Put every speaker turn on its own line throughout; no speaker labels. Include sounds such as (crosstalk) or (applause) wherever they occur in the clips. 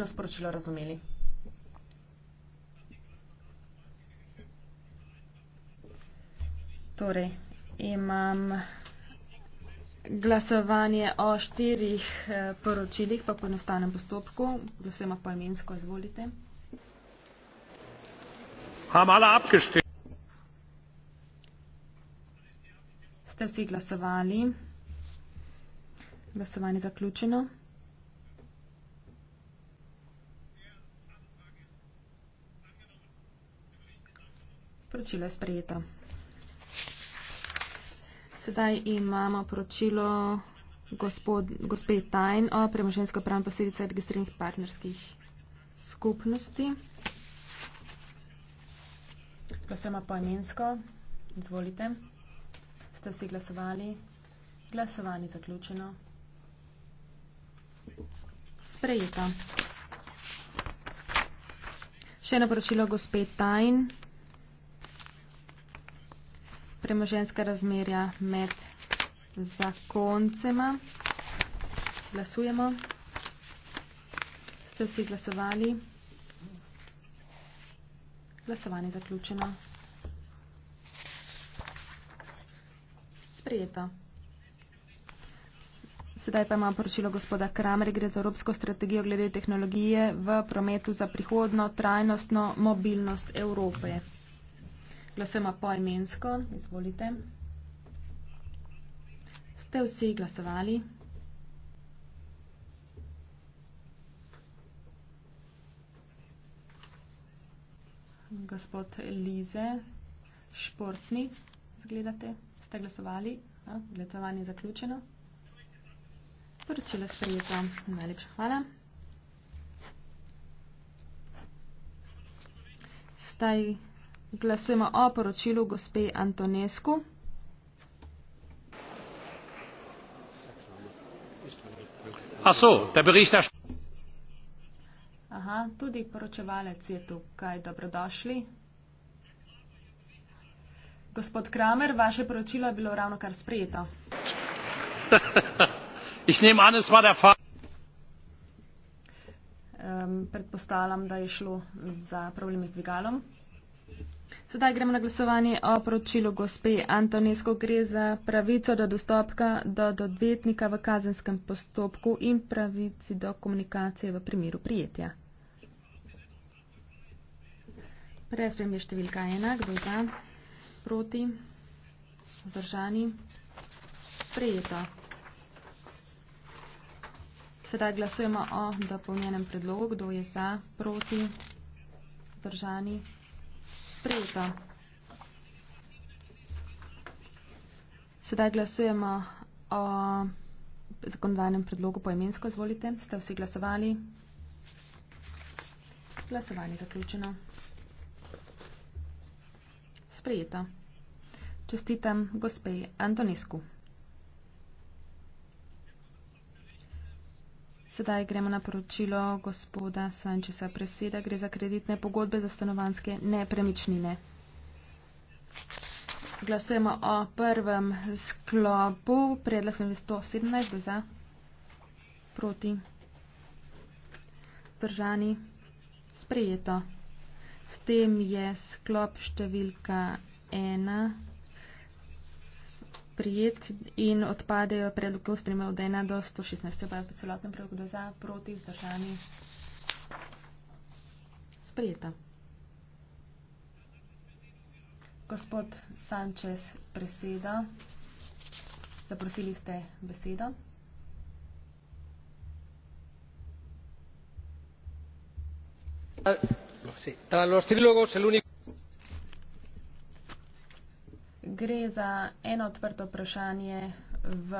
kakšno sporočilo razumeli. Torej, imam glasovanje o štirih eh, poročilih, pa po enostavnem postopku. Glasujemo po imensko, izvolite. Ste vsi glasovali? Glasovanje zaključeno. Poročilo je sprejeto. Sedaj imamo poročilo gospod, gospe Tajn o premoženjsko pravni posledice registriranih partnerskih skupnosti. Glasujemo poimensko. Izvolite. Ste vsi glasovali? Glasovanje zaključeno. Sprejeto. Še eno poročilo gospe Tajn premoženska razmerja med zakoncema. Glasujemo. Ste vsi glasovali? Glasovanje zaključeno. Sprejeto. Sedaj pa imamo poročilo gospoda Kramre, gre za Evropsko strategijo glede tehnologije v prometu za prihodno trajnostno mobilnost Evrope. Glasujemo poimensko. Izvolite. Ste vsi glasovali? Gospod Lize, športni, zgledate, ste glasovali, ja, glasovanje zaključeno. Poročilo sprejeto, najlepša hvala. Staj Glasujemo o poročilu gospe Antonesku. So, Aha, tudi poročevalec je tukaj, dobrodošli. Gospod Kramer, vaše poročilo je bilo ravno kar sprejeto. (laughs) Predpostavljam, da je šlo za problem z dvigalom. Sedaj gremo na glasovanje o poročilu gospe Antonesko. Gre za pravico do dostopka do odvetnika v kazenskem postopku in pravici do komunikacije v primeru prijetja. Prespem je številka ena, kdo za, proti, zdržani, prijeto. Sedaj glasujemo o dopolnjenem predlogu, kdo je za, proti, zdržani, prijeto sprejeta. Sedaj glasujemo o zakonodajnem predlogu poemensko. Izvolite, ste vsi glasovali. Glasovanje zaključeno. Sprejeta. Čestitam gospej Antonisku. Sedaj gremo na poročilo gospoda Sančesa Preseda. Gre za kreditne pogodbe za stanovanske nepremičnine. Glasujemo o prvem sklopu. Predlog sem 117 za. Proti. Zdržani. Sprejeto. S tem je sklop številka 1 sprijet in odpadejo predloge v spremembe od 1 do 116. Pa je v celotnem predlogu za, proti, zdržani. Sprijeta. Gospod Sanchez, preseda. Zaprosili ste besedo. Uh, sí. Tra los trílogos, el único gre za eno odprto vprašanje v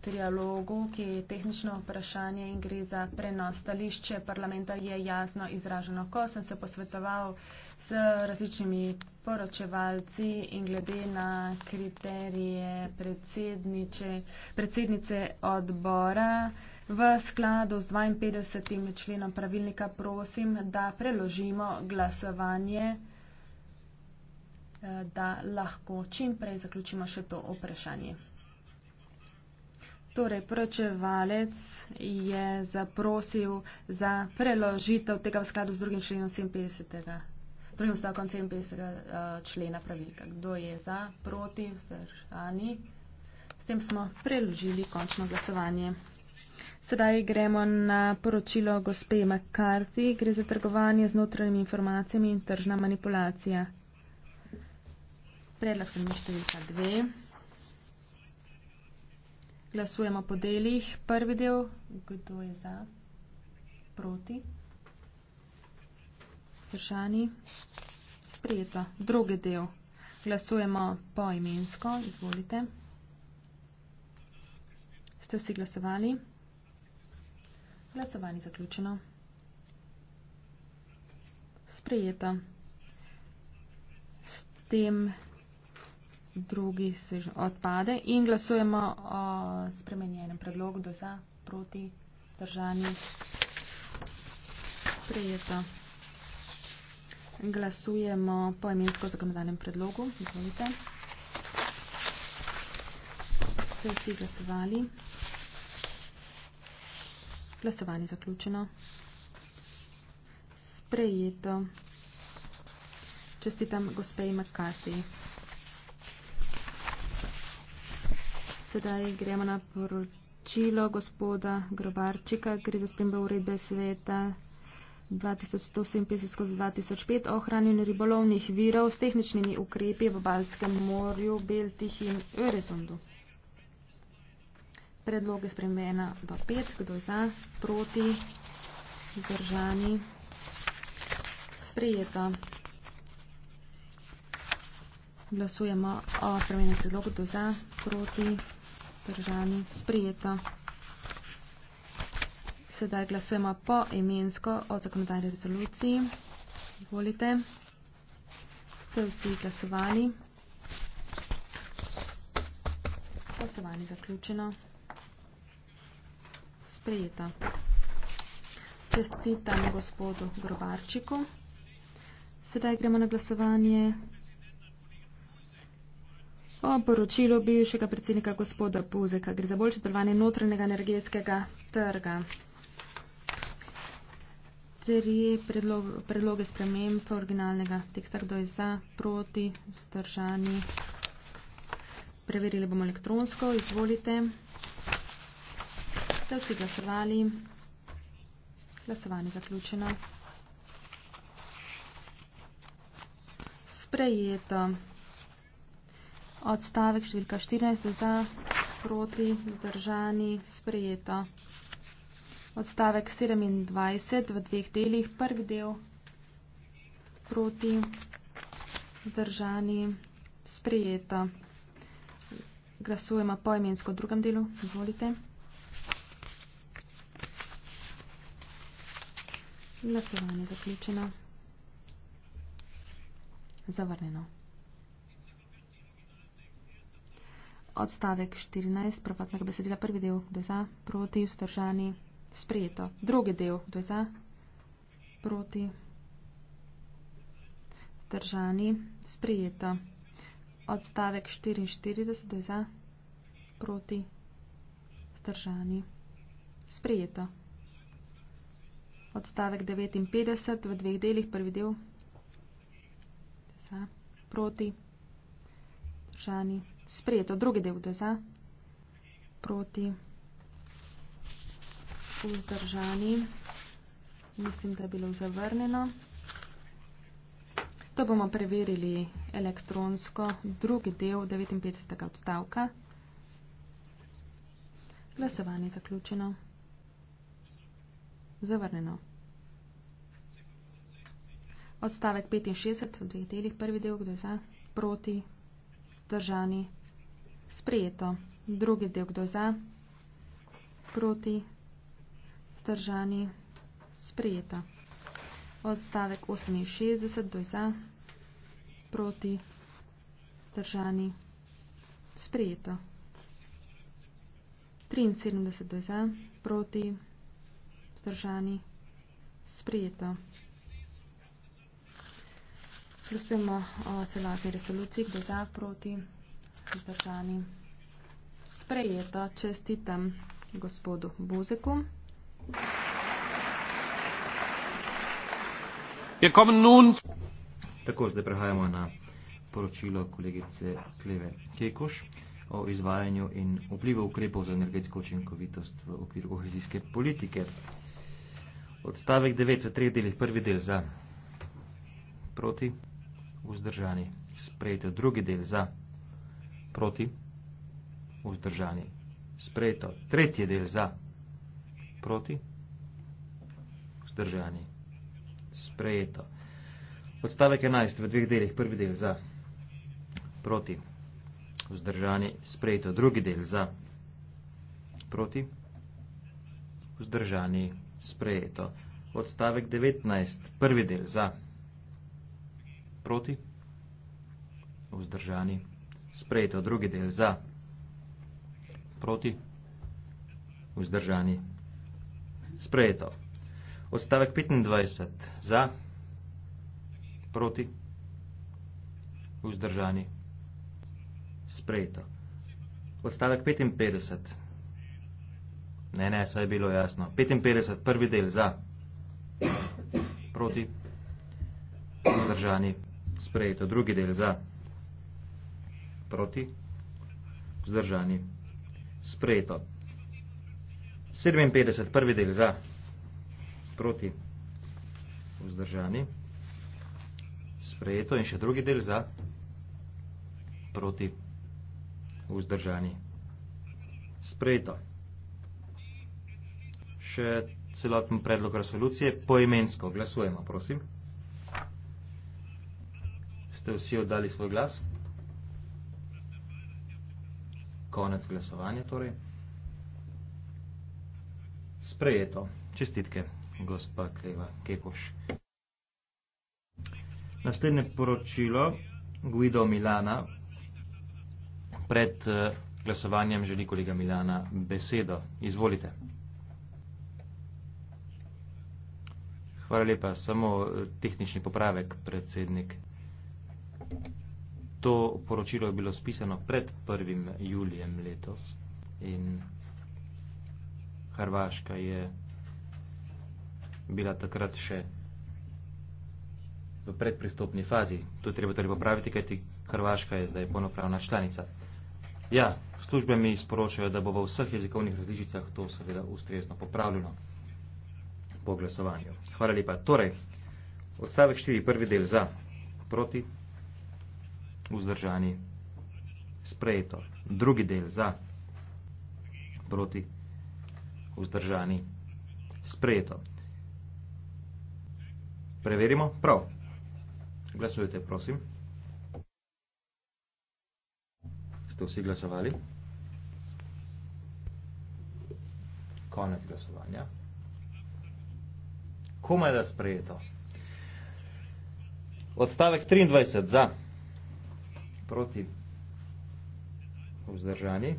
trialogu, ki je tehnično vprašanje in gre za prenos stališče parlamenta, je jasno izraženo. Ko sem se posvetoval s različnimi poročevalci in glede na kriterije predsednice odbora, v skladu s 52. členom pravilnika prosim, da preložimo glasovanje da lahko čim prej zaključimo še to vprašanje. Torej, poročevalec je zaprosil za preložitev tega v skladu z drugim členom 57. drugim stavkom 57. Eh, člena pravilnika. Kdo je za, proti, vzdržani? S tem smo preložili končno glasovanje. Sedaj gremo na poročilo gospe McCarthy. Gre za trgovanje z notranjimi informacijami in tržna manipulacija. Predlog se mi številka dve. Glasujemo po delih. Prvi del, kdo je za, proti, vzdržani, sprijeta. Drugi del, glasujemo po imensko, izvolite. Ste vsi glasovali? Glasovanje zaključeno. Sprijeta. S tem drugi odpade in glasujemo o spremenjenem predlogu do za, proti, držani. Prijeto. Glasujemo po imensko zakonodanem predlogu. Izvolite. Ste vsi glasovali? Glasovanje zaključeno. Sprejeto. Čestitam gospej McCarthy. Sedaj gremo na poročilo gospoda Grobarčika, ki je za spremembo uredbe sveta 2157-2005 ohranjenju ribolovnih virov s tehničnimi ukrepi v Balskem morju, Beltih in Öresundu. Predlog je spremenjena do pet, kdo je za, proti, zdržani, sprejeto. Glasujemo o spremenjenem predlogu, kdo je za, proti, zdržani. Držani sprijeto. Sedaj glasujemo po imensko o zakonodajni rezoluciji. Volite. Ste vsi glasovali. Glasovanje zaključeno. Sprijeto. Čestitam gospodu Grobarčiku. Sedaj gremo na glasovanje. O poročilu bivšega predsednika gospoda Puzeka gre za bolj četrvanje notranjega energetskega trga. Tri predloge, predloge sprememb originalnega teksta, kdo je za, proti, vzdržani. Preverili bomo elektronsko, izvolite. Ste vsi glasovali? Glasovanje zaključeno. Sprejeto. Odstavek številka 14 za, proti, zdržani, sprejeto. Odstavek 27 v dveh delih, prvi del, proti, zdržani, sprejeto. Glasujemo po imensko v drugem delu, izvolite. Glasovanje zaključeno. Zavrnjeno. odstavek 14, prvotnega besedila, prvi del, kdo je za, proti, vzdržani, sprejeto. Drugi del, kdo je za, proti, vzdržani, sprejeto. Odstavek 44, kdo je za, proti, vzdržani, sprejeto. Odstavek 59 v dveh delih, prvi del, za, proti, vzdržani, sprejeto sprejeto. Drugi del da za. Proti. Vzdržani. Mislim, da je bilo zavrnjeno. To bomo preverili elektronsko. Drugi del 59. odstavka. Glasovanje zaključeno. Zavrnjeno. Odstavek 65 v dveh delih. Prvi del, kdo je za? Proti. Držani. Sprejeto. Drugi del, kdo za? Proti. Zdržani. Sprejeta. Odstavek 68, kdo za? Proti. Zdržani. Sprejeto. 73, kdo za? Proti. Zdržani. Sprejeto. Prosimo o celotni resoluciji, kdo za? Proti. Zdržani vzdržani. Sprejeta čestitem gospodu Buzeku.
Tako, zdaj prehajamo na poročilo kolegice Kleve Kekoš o izvajanju in vplivu ukrepov za energetsko učinkovitost v okviru kohezijske politike. Odstavek 9 v treh delih. Prvi del za proti vzdržani. Sprejte drugi del za proti, vzdržani, sprejeto. Tretji del za, proti, vzdržani, sprejeto. Odstavek 11 v dveh delih, prvi del za, proti, vzdržani, sprejeto. Drugi del za, proti, vzdržani, sprejeto. Odstavek 19, prvi del za, proti, vzdržani, sprejeto sprejeto drugi del za, proti, vzdržani, sprejeto. Odstavek 25 za, proti, vzdržani, sprejeto. Odstavek 55, ne, ne, saj je bilo jasno, 55 prvi del za, proti, vzdržani, sprejeto drugi del za, proti, vzdržani, sprejeto. Proti? Vzdržani. Sprejeto. 57, prvi del za. Proti? Vzdržani. Sprejeto. In še drugi del za. Proti? Vzdržani. Sprejeto. Še celoten predlog resolucije. Poimensko glasujemo, prosim. Ste vsi oddali svoj glas? Sprejeto. konec glasovanja, torej. Sprejeto. Čestitke, gospa Kleva Kekoš. Naslednje poročilo Guido Milana. Pred eh, glasovanjem želi kolega Milana besedo. Izvolite. Hvala lepa. Samo eh, tehnični popravek, predsednik. Thank you. To poročilo je bilo spisano pred 1. julijem letos in Hrvaška je bila takrat še v predpristopni fazi. To je treba tudi torej popraviti, kajti Hrvaška je zdaj ponopravna članica. Ja, službe mi sporočajo, da bo v vseh jezikovnih različicah to seveda ustrezno popravljeno po glasovanju. Hvala lepa. Torej, odstavek 4, prvi del za, proti vzdržani sprejeto. Drugi del za proti vzdržani sprejeto. Preverimo. Prav. Glasujete, prosim. Ste vsi glasovali? Konec glasovanja. Komaj da sprejeto. Odstavek 23 za proti vzdržani.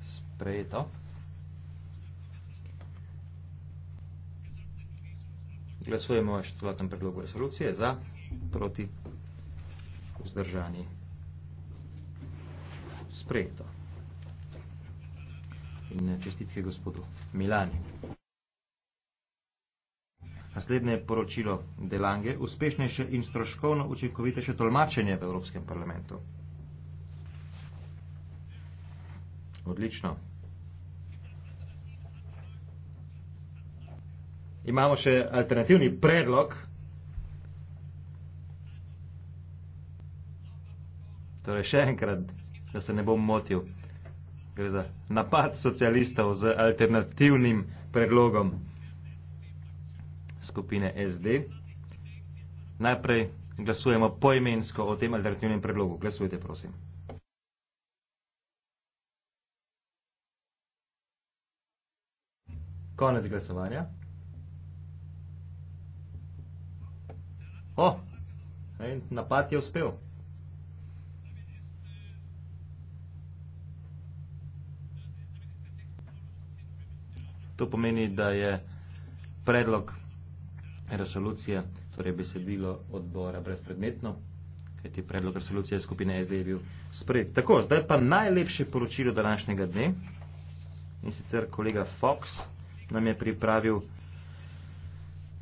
Sprejeto. Glasujemo o štolatnem predlogu resolucije za proti vzdržani. Sprejeto. In čestitke gospodu Milani. Naslednje poročilo Delange, uspešnejše in stroškovno učinkovitejše tolmačenje v Evropskem parlamentu. Odlično. Imamo še alternativni predlog. Torej, še enkrat, da se ne bom motil, gre za napad socialistov z alternativnim predlogom skupine SD. Najprej glasujemo poimensko o tem alternativnem predlogu. Glasujte, prosim. Konec glasovanja. O, napad je uspel. To pomeni, da je predlog resolucija, torej besedilo odbora brezpredmetno, kajti predlog resolucije skupine SD je bil sprejet. Tako, zdaj pa najlepše poročilo današnjega dne in sicer kolega Fox nam je pripravil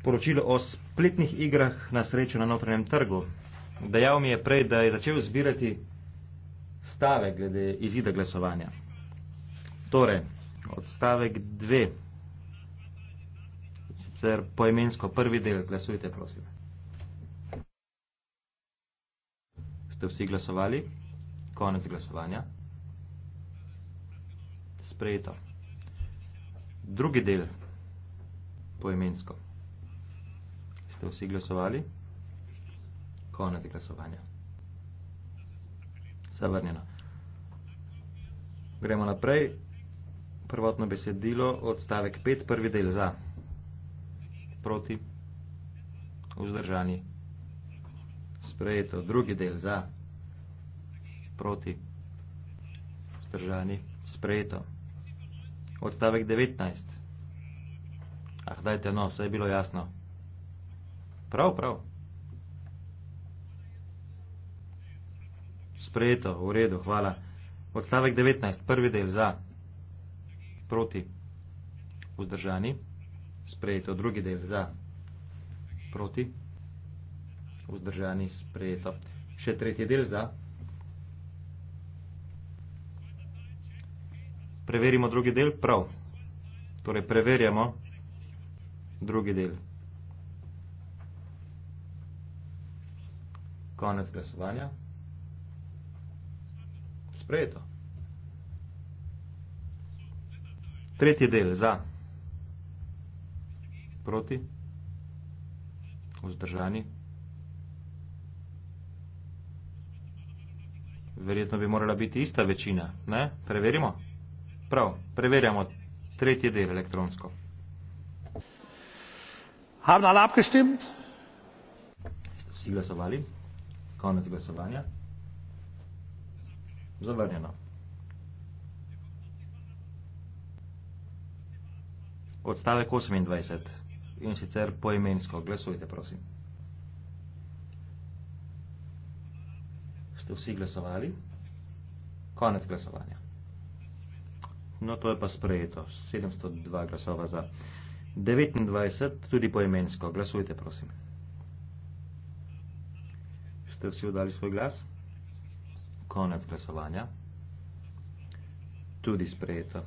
poročilo o spletnih igrah na srečo na notranjem trgu. Dejal mi je prej, da je začel zbirati stave glede izida glasovanja. Torej, odstavek 2. Sicer poimensko prvi del, glasujte, prosim. Ste vsi glasovali? Konec glasovanja. Sprejeto. Drugi del, poimensko. Ste vsi glasovali? Konec glasovanja. Zavrnjeno. Gremo naprej. Prvotno besedilo, odstavek 5, prvi del za proti, vzdržani, sprejeto, drugi del za, proti, vzdržani, sprejeto. Odstavek 19. Ah, dajte no, vse je bilo jasno. Prav, prav. Sprejeto, v redu, hvala. Odstavek 19, prvi del za, proti, vzdržani, sprejeto sprejeto drugi del za proti, vzdržani sprejeto še tretji del za. Preverimo drugi del prav. Torej preverjamo drugi del. Konec glasovanja. Sprejeto. Tretji del za. Proti? Vzdržani? Verjetno bi morala biti ista večina, ne? Preverimo? Prav, preverjamo tretji del elektronsko. Haben alle abgestimmt? Ste vsi glasovali? Konec glasovanja? Zavrnjeno. Odstavek 28 in sicer poimensko. Glasujte, prosim. Ste vsi glasovali? Konec glasovanja. No, to je pa sprejeto. 702 glasova za. 29, tudi poimensko. Glasujte, prosim. Ste vsi oddali svoj glas? Konec glasovanja. Tudi sprejeto.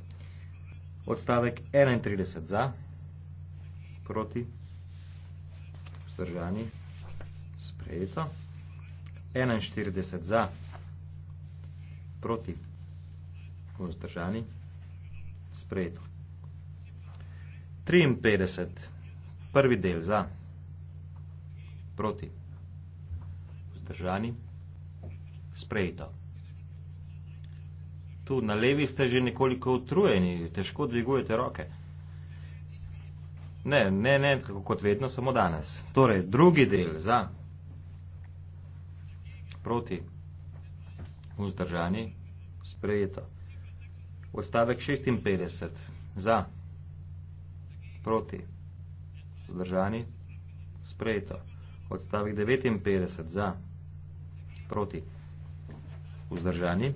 Odstavek 31 za proti, vzdržani, sprejeto. 41 za, proti, vzdržani, sprejeto. 53, prvi del za, proti, vzdržani, sprejeto. Tu na levi ste že nekoliko utrujeni, težko dvigujete roke. Ne, ne, ne, tako kot vedno, samo danes. Torej, drugi del za proti vzdržani, sprejeto. Ostavek 56 za proti vzdržani, sprejeto. Odstavek 59 za proti vzdržani,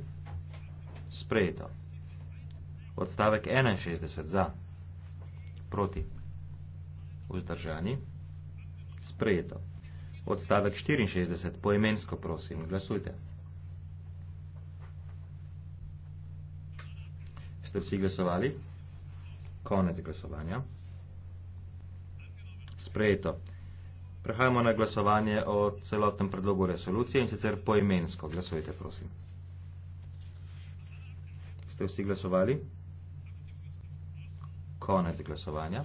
sprejeto. Odstavek 61 za proti vzdržani vzdržani. Sprejeto. Odstavek 64, poimensko prosim, glasujte. Ste vsi glasovali? Konec glasovanja. Sprejeto. Prehajamo na glasovanje o celotnem predlogu resolucije in sicer poimensko. Glasujte, prosim. Ste vsi glasovali? Konec glasovanja.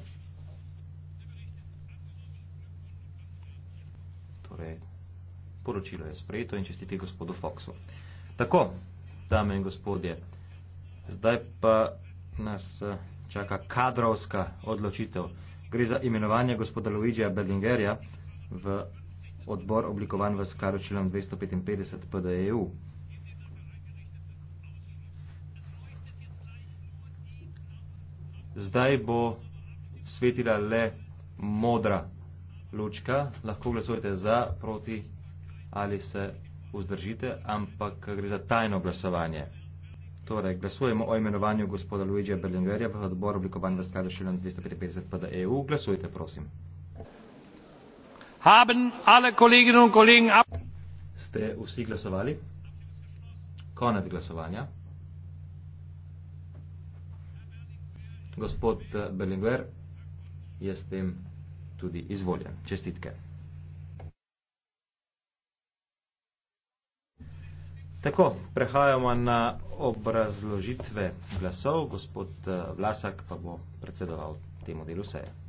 je torej, poročilo je sprejeto in čestiti gospodu Foxu. Tako, dame in gospodje, zdaj pa nas eh, čaka kadrovska odločitev. Gre za imenovanje gospoda Luigija Berlingerja v odbor oblikovan v skaru člen 255 PDEU. Zdaj bo svetila le modra lučka, lahko glasujete za, proti ali se vzdržite, ampak gre za tajno glasovanje. Torej, glasujemo o imenovanju gospoda Luigija Berlingerja v odbor oblikovanja v skladu s členom 255 PDEU. E Glasujte, prosim. Haben alle kolegin in kolegin ab... Ste vsi glasovali? Konec glasovanja. Gospod Berlinguer je s tem tudi izvoljen. Čestitke. Tako, prehajamo na obrazložitve glasov. Gospod eh, Vlasak pa bo predsedoval temu delu seje.